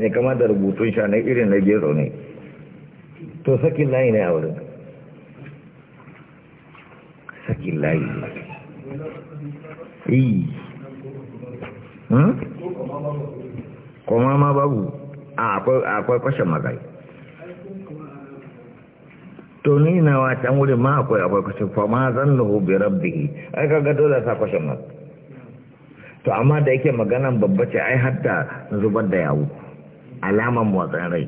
ne kama da rubutun sha na irin na gero ne to sakin layi ne a wurin sakin layi ne hmm? kuma ma babu a akwai kwashe magai to ni na wacan wurin ma akwai akwai kwashe fama zan lahu hobi rabbi ai kaga dole sa kwashe magai to amma da yake maganan babba ce ai hatta zubar da yawo alaman motsin rai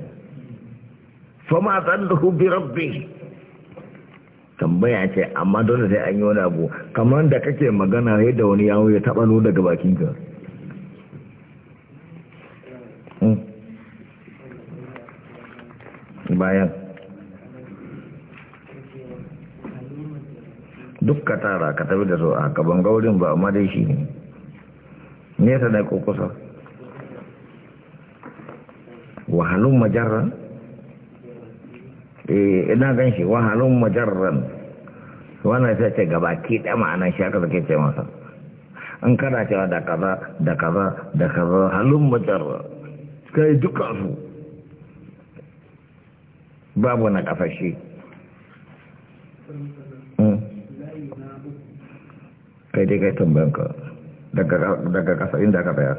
fama tsallahu bi rabbi tambaya ce amma dole sai an yi wani abu kamar da kake magana yadda wani yawo ya taɓa lo daga bakinka hmm. bayan duk ka tara ka tafi da su a gaban gaurin ba amma dai shi ne nesa da kokosa. kusa wahalun majarran eh ina gan shi wahalun majarran wannan sai ce gaba ki da ma'ana shi aka zake ce masa an kada cewa da kaza da kaza da kaza halun majarra kai duka su babu na kafashe hmm? kai dai kai tambayanka daga kasa inda ka bayar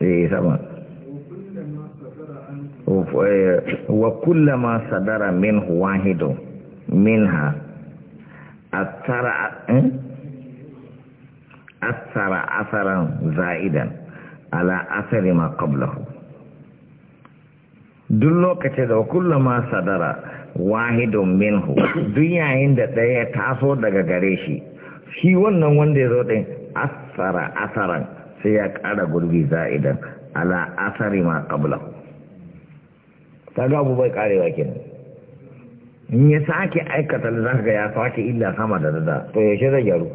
eh sama wa ma sadara min wahidu minha athara eh? athara asaran za'idan ala asari ma qablahu duk lokacin da ma sadara wahidun minhu duk yayin da ɗaya taso daga gare shi shi wannan wanda ya zo ɗin asara asaran sai ya ƙara gurbi za'idan ala asari ma qablahu kaga abu bai karewa kenan in ya sake aikata da zaka ga ya sake illa sama da dada to yaushe zai gyaru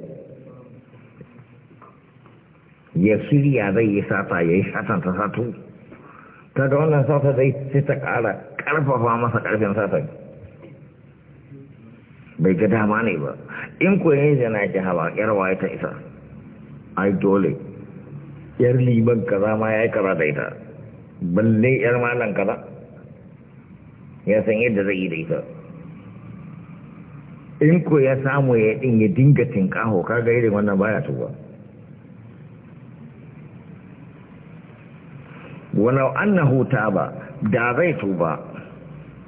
ya shirya zai yi sata ya yi satan ta ta kaga wannan sata zai sai ta kara karfafa masa karfin satan bai ga dama ne ba in ko yayi zana ki hawa yar waye ta isa ai dole yar liban kaza ma yayi kaza da ita balle yar malan kaza ya san yadda zai yi da ita in ko ya samu ya din ya dinga tinkaho kaga irin wannan baya tuba walau annahu taba da zai tuba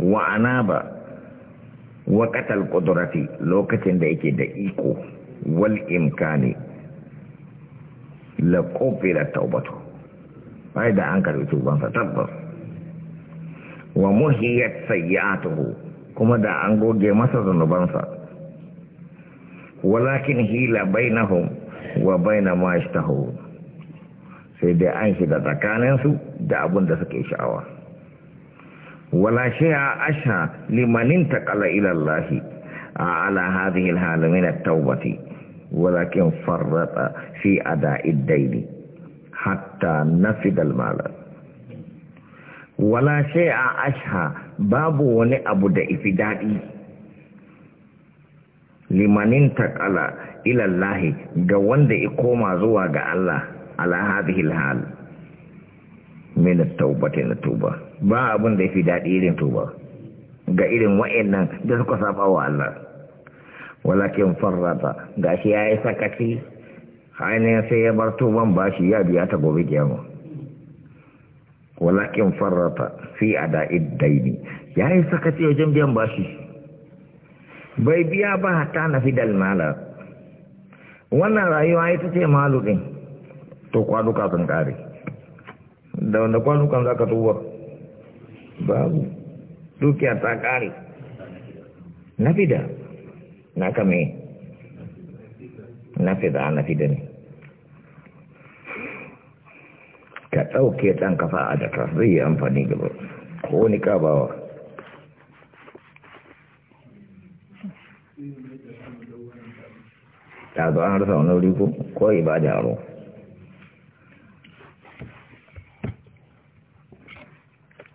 wa anaba wa qatal qudrati lokacin da yake da iko wal imkani la qubila taubatu bai da an karbi sa tabbas wa muhiyat taho kuma da an goge masa zunubansa walakin hila bainahum wa baina ma ishtahu sai dai an shiga tsakaninsu da abin da suke sha'awa wala shay'a asha limanin taqala ila Allah ala hadhihi al min at walakin farrata fi ada'i ad-dayn hatta nafida al-mala wala a ashha babu wani abu da ifi daɗi limanin takala ilallahi ilallahi, ga wanda ya koma zuwa ga Allah ala hadhihi min at na tuba ba abin da yafi daɗi irin tuba ga irin wa'annan da suka saba wa Allah walakin farrata ga shi gashi yayi sakati ainihin sai ya bar tuban bashi ya biya ta gobe kiyama walakin farrata fi ada'id daini yayi sakaci wajen biyan bashi bai biya ba hatta na fidal mala wannan rayuwa ita ce malu din to kwaduka sun kare da wanda kwadukan zaka tuwa babu dukiya ta kare na fida na kame na fida na fida ne ka ɗauke ɗan kafa a jaka zai yi amfani gaba ko ni bawa ta zo an rasa wani wuri ko ibada aro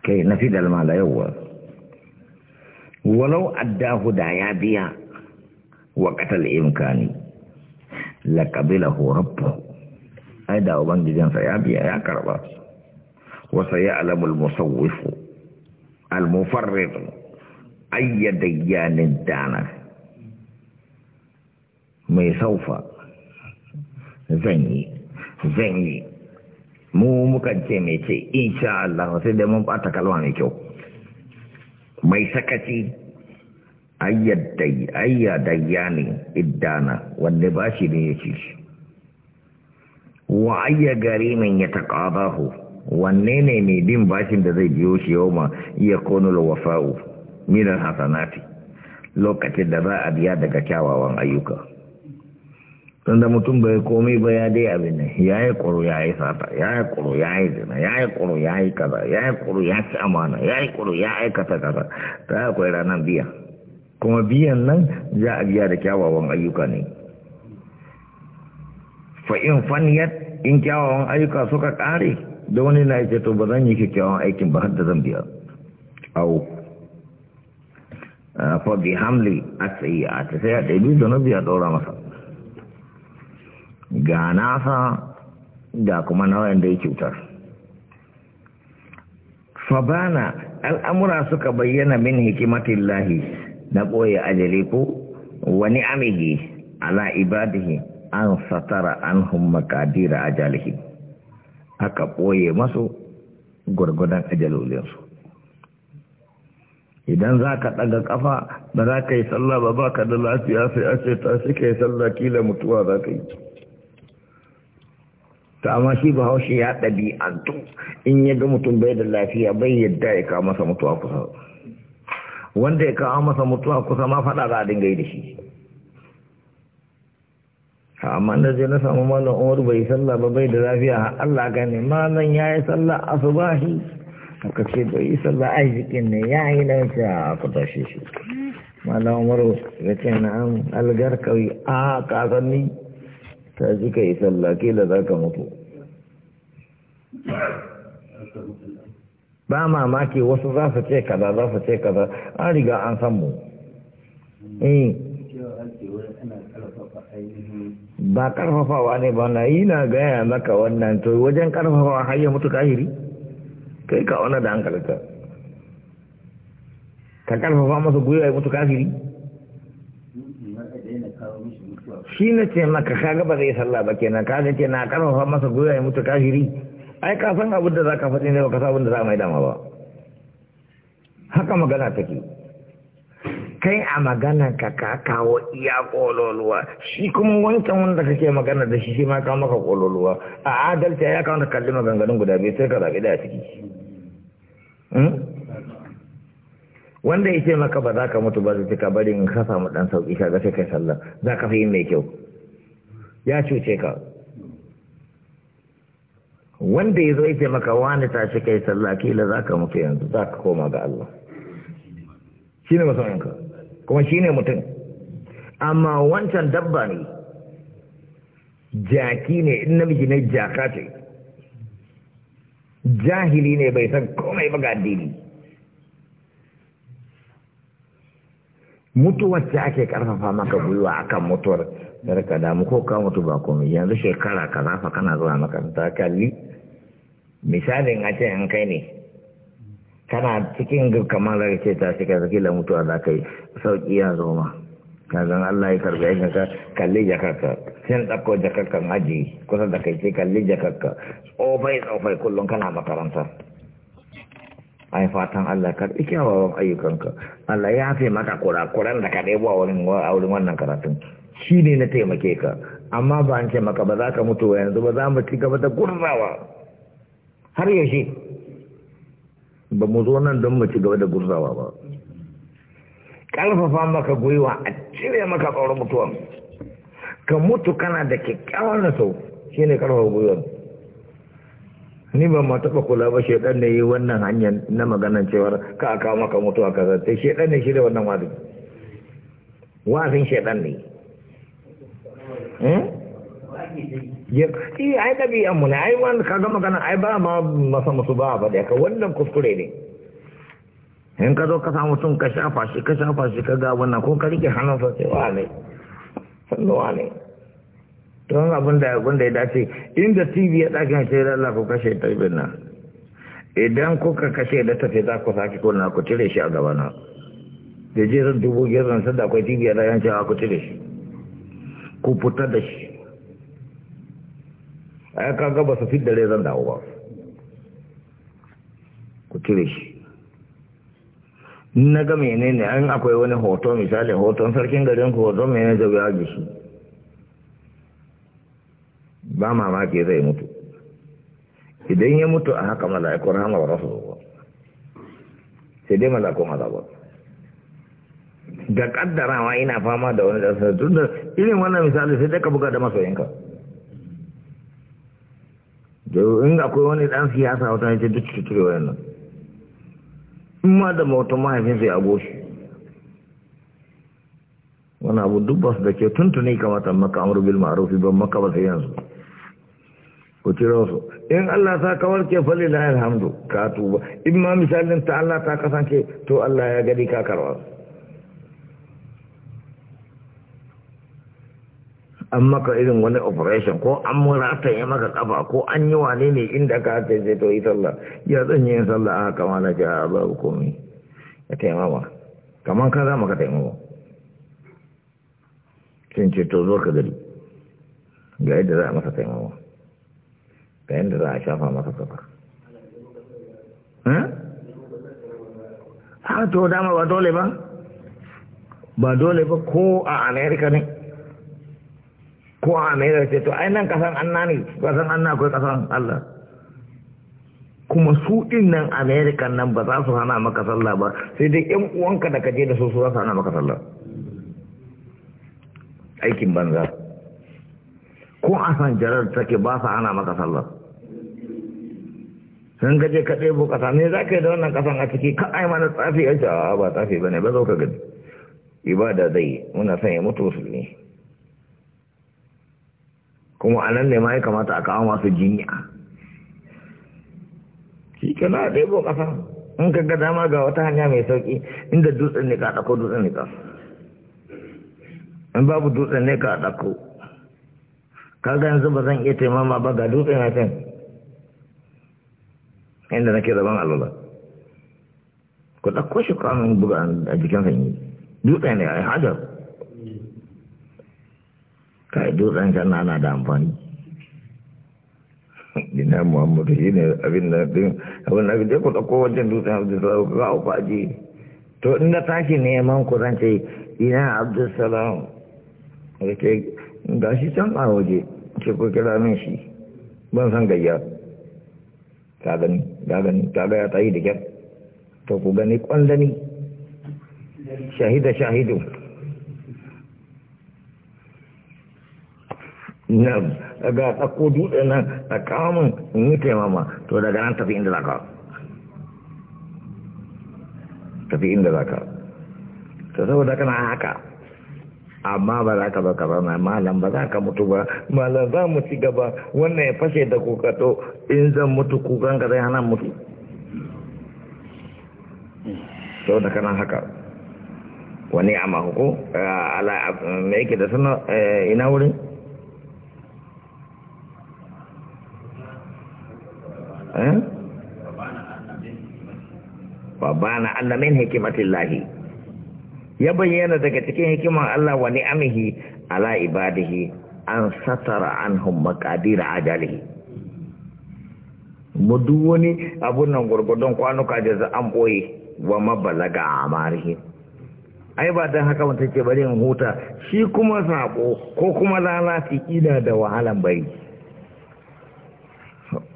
kai na fi dalma da yawa. walau addahu da ya biya wa katal imkani la qabilahu rabbuhu ai da ubangijinsa ya biya ya karba wasa ya alamul musawwifu al-mufarrid ayyadayyanin dana mai saufa zan yi zan yi mu muka ce mai ce insha Allah sai da mun bata kalma mai kyau mai sakaci ayyadayyani iddana wanda ba shi ne ya ci shi wa ayya gari min ya taqadahu wanne ne mai bin bashin da zai biyo shi yau ma iya konul wafa'u min hasanati lokacin da za a biya daga kyawawan ayyuka don da mutum bai komai ba ya dai abin ne, ya yi ƙuru ya yi sata ya yi ƙuru ya yi zina ya yi ƙuru ya yi kaza ya yi ƙuru ya ci amana ya yi ƙuru ya aikata kaza ta akwai ranar biya kuma biyan nan za a biya da kyawawan ayyuka ne fa in in kyawawan ayyuka suka kare da wani na yake to ba zan yi kyakkyawan aikin ba har zan biya au ah, fa bi hamli asayi a ta sai a ɗabi na biya ɗora masa ga nasa da kuma na da ya cutar fa bana al'amura suka bayyana min lahi na ɓoye ajali ko wani amigi ala ibadihi an satara an makadira kadira ajalihim aka ɓoye masu gwargwadon ajalolinsu idan za ka ɗaga ƙafa ba za ka yi sallah ba ba ka da lafiya sai a ce ta yi sallah kila mutuwa za ka yi ta amma shi ba haushe ya ɗabi'antu in ya ga mutum bai da lafiya bai yadda ya kawo masa mutuwa kusa wanda ya kawo masa mutuwa kusa ma faɗa za a dinga yi da shi amma na je na samu malam umar bai sallah ba bai da lafiya Allah gane malam ya yi sallah a shi aka ce bai yi sallah a jikin ne ya yi na ce a kuta shi shi malam umar ya ce na an algar kawai a kasanni ta ji ka yi sallah da za ka mutu ba mamaki wasu za su ce kaza za su ce kaza an riga an san mu eh ba karfafawa ne ba na yi na gaya maka wannan to wajen karfafawa hayyar ya mutu kahiri kai ka wani da hankalinka ka karfafa masa gwiwa ya mutu kafiri shi na ce maka kaga ba zai sallah ba kenan ka ce na karfafa masa gwiwa ya mutu kafiri ai ka san abin da za ka faɗi ne ba ka san abin da za a mai dama ba haka magana take kai a magana ka ka kawo iya kololuwa shi kuma wancan wanda kake magana da shi shi ma kawo maka kololuwa a adalci ya kawo da kalli maganganun guda biyu sai ka zaɓi da ciki hmm? wanda ya ce maka ba za ka mutu ba zai ka bari in ka samu ɗan sauƙi ka gafe kai sallah za ka fi yin mai kyau ya cuce ka wanda ya zo ya ce maka wani tashi kai sallah kila za ka mutu yanzu za ka koma ga Allah shi ne masoyinka kuma shi ne mutum amma wancan dabba ne jaki ne in namiji ne jaka ce jahili ne bai san komai ba ga dini. mutuwar ce ake karfafa maka gwiwa akan mutuwar darka damu ko ka mutu ba komai yanzu shekara ka zafa kana zuwa makaranta kalli misalin a ce an kai ne kana cikin kamar da ce ta shiga kaza kila mutuwa za ka yi sauƙi ya zo ma kazan Allah ya karɓi yanka ka kalli jakarka sai ɗauko jakarka aji kusa da kai sai kalli jakarka tsofai tsofai kullum kana makaranta ai fatan Allah ka karɓi kyawawan ayyukanka Allah ya fi maka kurakuran da ka ɗebo a wurin wannan karatun shi ne na taimake ka amma ba an ce maka ba za ka mutu yanzu ba za mu ci gaba da gurzawa har yaushe ba mu zo nan don mu ci gaba da gurzawa ba ƙarfafa maka gwiwa a cire maka tsoron mutuwan ka mutu kana da kyakkyawar na sau shi ne ƙarfafa gwiwa ni ba ma taɓa kula ba shaidan ne yi wannan hanyar na maganan cewar ka aka maka mutuwa ka zata shaidan ne shi da wannan wazin wazin shaidan ne hmm? ya ci eh, ai ɗabi'an mu ne ai wani kaga magana ai ba ma masa musu ba ba da ka wannan kuskure ne in ka zo ka samu mutum ka shafa shi ka shafa shi ka ga wannan ko ka rike hannun sa sai wa ne sannuwa ne don abin da abin da ya dace inda tv ya ɗakin shi da Allah ku kashe tarbin nan idan kuka kashe da tafi za ku sake na, ku cire shi a gabana da jerin dubu gerin sanda akwai tv ya ɗakin cewa ku cire shi ku fitar da shi a kaga ba su fidda rai zan dawo ba ku cire shi na ga na an akwai wani hoto misali hoton sarkin garin ku hoton menene da ya ji shi ba mamaki zai mutu idan ya mutu a haka mala'ikun hama ba rasu zuwa sai dai mala'ikun azabar da kaddarawa ina fama da wani da tun da irin wannan misali sai dai ka buga da masoyinka in akwai wani dan siyasa wata ne ce duk ki ture wayannan in ma da mutum mahaifinsa ya goshi wani abu duk ba su da ke tuntuni kamata maka amur bil ma'arufi ban maka ba sai yanzu ku ciro wasu in Allah ta kawar ke fali na alhamdu ka tuba in ma misalin ta Allah ta kasance to Allah ya gani ka karwa an maka irin wani operation ko an murata ya maka kafa ko an yi wane ne inda ka ce zai to yi sallah ya zan yi sallah a kama na ce a babu komi ya taimawa kamar ka za maka taimawa cin ce to zo ka gari ga yadda za a masa taimawa ga yadda za a shafa masa kafa ha hm? ah, to dama ba dole ba ba dole ba ko a amerika ne ko a Amerika ce to ai nan kasan anna ne kasan anna ko kasan Allah kuma su din nan Amerika nan ba za su hana maka sallah ba sai dai ƴan uwanka da kaje da su su za su hana maka sallah aikin banza ko a san jarar take ba su hana maka sallah sun gaje ka ɗebo ƙasa ne za ka yi da wannan ƙasan a ciki ka ai mana tsafi ya ce a ba tsafi ba ne ba zo ka gani ibada zai muna son ya mutu musulmi kuma a nan ne ma ya kamata a kawo masu jinya shi ke na ɗaya ƙasa in ka ga dama ga wata hanya mai sauƙi inda dutsen ne ka ɗako dutsen ne ka in babu dutsen ne ka ɗako kaga yanzu ba zan iya taimama ba ga dutsen na can inda nake zaban alwala ku ɗako shi kwanan buga a jikin sanyi dutsen ne a hajar kai dutsen kan ana da amfani dina muhammadu shi ne abin da din abin da je ku dauko wajen dutsen abdulsalam ku ga ku aje to in na tashi neman ku zan ce ina abdulsalam ke ga shi can a waje ce ku kira min shi ban san gayya ka gani ka gani ka ga ya tayi da kyar to ku gani kwandani shahida shahidu nan ga ɗauko dutse nan a kamun in yi taimama to daga nan tafi inda zaka tafi inda zaka ta saboda kana haka amma ba za ka ba ka zama malam ba za ka mutu ba malam za mu ci gaba wannan ya fashe da kokato in zan mutu kukan ka zai hana mutu saboda kana haka wani amma hukum eh, ala me yake da suna eh, ina wurin babana bana anna min hikmatillahi ya bayyana daga cikin hikimar Allah wa ni'amihi ala ibadihi an satara anhum maqadir ajalihi mu wani abun nan gurgurdon kwanuka da za an boye wa mabalaga amarihi ai ba dan haka mutum ke bari in huta shi kuma sako ko kuma lalaci ina da wahalan bai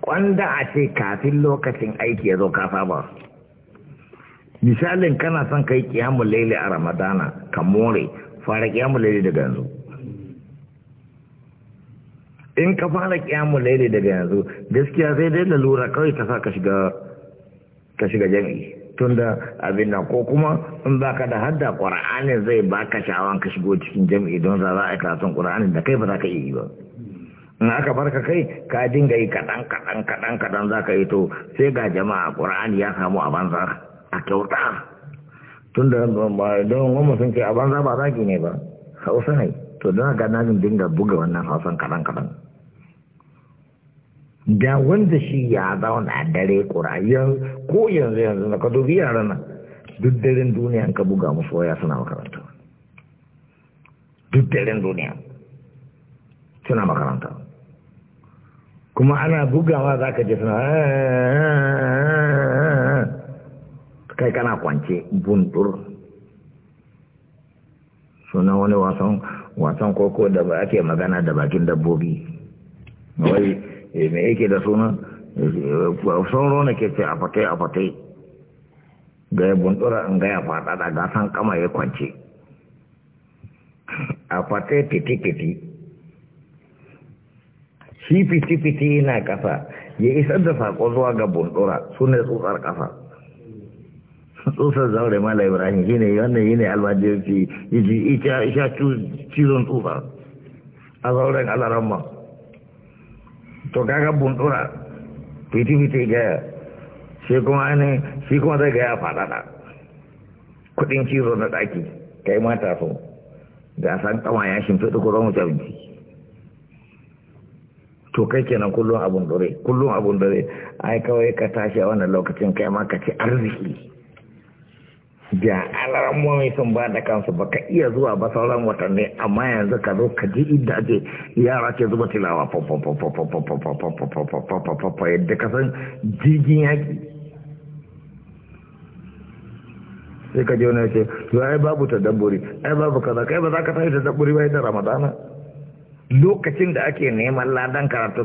Kwanda a ce kafin lokacin aiki ya zo ka saba misalin kana son kai kiyamu laili a ramadana ka more fara kiyamu laili daga yanzu in ka fara kiyamu laili daga yanzu gaskiya sai dai lura kawai ta sa ka shiga ka shiga jami'i abin na ko kuma in ka da hadda qur'ani zai baka sha'awan ka shigo cikin jami'i don za a yi son qur'ani da kai ba za ka yi ba in aka barka kai ka dinga yi kaɗan kaɗan kaɗan kaɗan za ka yi to sai ga jama'a qur'ani ya samu a banza a kyauta tun da don wamma sun ce a banza ba zaki ne ba hausa ne to don ga na dinga buga wannan hausan kaɗan-kaɗan da wanda shi ya zauna dare ƙurayar ko yanzu yanzu na ka dubi yaran duk daren duniya ka buga musu waya suna makaranta duk daren duniya suna makaranta kuma ana bugawa za ka je suna eh, eh, eh, kai kana kwance buntur suna wani wasan wasan koko da ba ake magana da bakin dabbobi wai eh, me yake da suna eh, sauro na ke ce a fatai a fatai ga ya buntura in ga ya fada da gasan kama ya kwance a fatai fiti-fiti shi fiti-fiti na kasa ya isar da sako zuwa ga buntura su ne tsutsar kasa tsutsar zaure mala ibrahim shi ne wannan yi ne almajirci isha cizon tsufa a zauren alaramma to kaga buntura fiti-fiti gaya shi kuma ne shi kuma zai gaya fadada kuɗin cizo na daki ɗaki yi mata so da san kama ya shimfiɗi kuma wuce abinci to kai kenan kullum abun dore kullum abun dore ai kawai ka tashi a wannan lokacin kai ma ka ci arziki ga mawai sun ba da kansu ba ka iya zuwa ba sauran watanni amma yanzu ka zo ka ji inda ake yara ke zuba tilawa yadda neman ladan karatu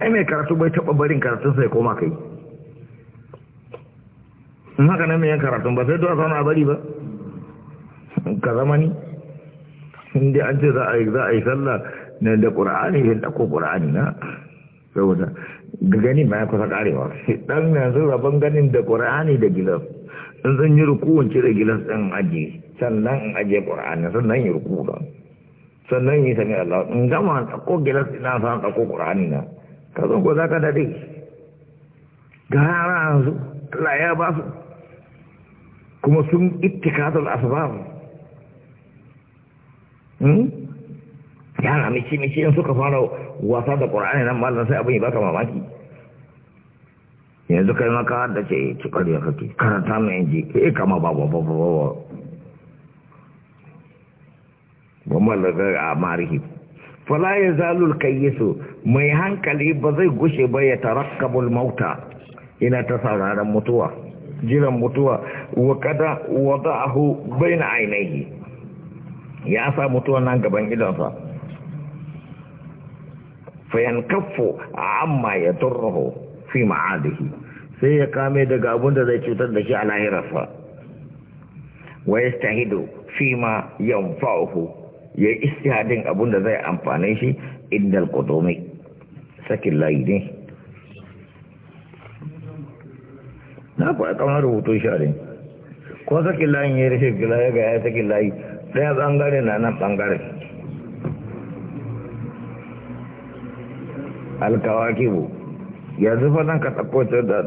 ai mai karatu bai taɓa barin karatun sai koma kai in haka nan mai karatun ba sai to a zauna a bari ba ka zama ni inda an ce za a yi sallah na da ƙura'ani ya ɗako ƙura'ani na saboda gani ma ya kusa ƙarewa ɗan yanzu rabon ganin da ƙura'ani da gilas in zan yi rukuwan cire gilas ɗin aji sannan in ajiye ƙura'ani sannan yi rukuwa sannan yi sami Allah in gama ɗako gilas ina sa ɗako ƙura'ani na ka zo ko za ka daɗe ga yara yanzu ya ba su kuma sun ittikazul asbab hmm? yara mici mici in suka fara wasa da ƙur'ani nan ba sai abin ba baka mamaki yanzu kai maka ka da ce ci ƙarya kake karanta mai inji ke eh kama ba ba ba ba ba mallaka a marihi fala ya zalul kayyisu mai hankali ba zai gushe ba ya tarakkabul mauta ina ta sauraron mutuwa jiran mutuwa wa kada bai baina ainihi ya sa mutuwa nan gaban idonsa a amma ya turruhu fi ma'adihi sai ya kame daga abin da zai cutar da shi a lahirarsa wa yastahidu fi ma yanfa'uhu ya istihadin abun da zai amfane shi indal qudumi sakin layi ne na kuwa kamar rubutu share ko sakin layi ya rufe gila ya ga ya sakin layi ɗaya ɓangare na nan ɓangare alkawa kibu yanzu fa ka tsakko da